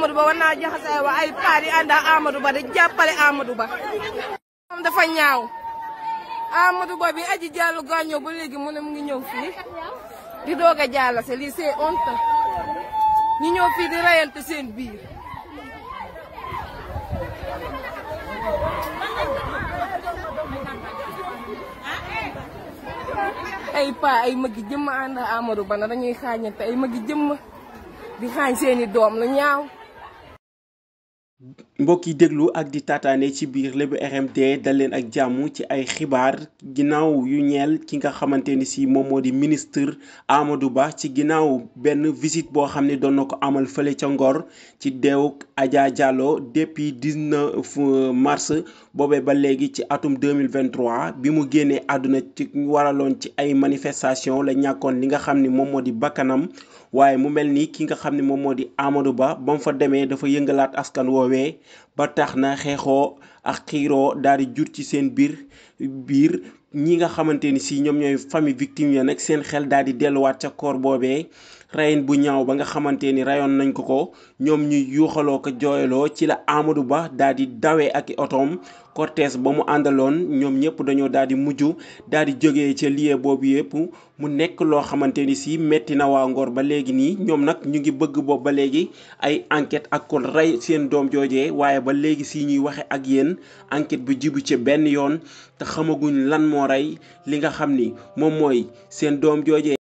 Amadou Ba wana naa wa ay paar Anda Amadou Ba de jappale Amadou Ba am dafa ñaaw Amadou Ba bi aji jallu gaño ba legi mu ne mu ngi ñew fi di doga jalla ce lii c'est honte ñi ñew fi di rayante seen biir ay pa ay magi jëm anda Amadou Ba na dañuy te ay magi jëm di xagne seeni dom lu ñaaw mbokk yi déglu ak di tataane ci biir Lebu RMD dal leen ak jàmm ci ay xibaar ginnaaw yu ñeel ki nga xamante ni si moom moo di ministre Amadou Ba ci ginnaaw benn visite boo xam ne doon na ko amal fële ca Ngor ci deewuk Adja Diallo depuis 19 mars boobee ba léegi ci atum 2023 bi mu génnee àdduna ci waraloon ci ay manifestation la ñàkkoon li nga xam ni moom moo di bakkanam waaye mu mel nii ki nga xam ne moom moo di Amadou Ba ba mu fa demee dafa yëngalaat askan woowu woowee ba tax na xeexoo ak xiiroo daal jur ci seen biir biir ñi nga xamante ni si ñoom ñooy famille victime ya nag seen xel daal di delluwaat ca koor boobee rayin bu ñaaw ba nga xamante ni rayoon nañ ko ko ñoom ñu yuuxaloo ko jooyaloo ci la amadou ba daal di dawee ak otoom cortège ba mu àndaloon ñoom ñëpp dañoo daal di mujj daal di jógee ca lieu boobu yëpp mu nekk loo xamante ni si metti na waa ngor ba léegi nii ñoom nag ñu ngi bëgg boobu ba léegi ay enquête ak kon rey seen doom joojee waaye ba léegi si ñuy waxe ak yéen enquête bu jibu ci benn yoon te xamaguñ lan moo moo rey li nga xam ni moom mooy seen doom joojee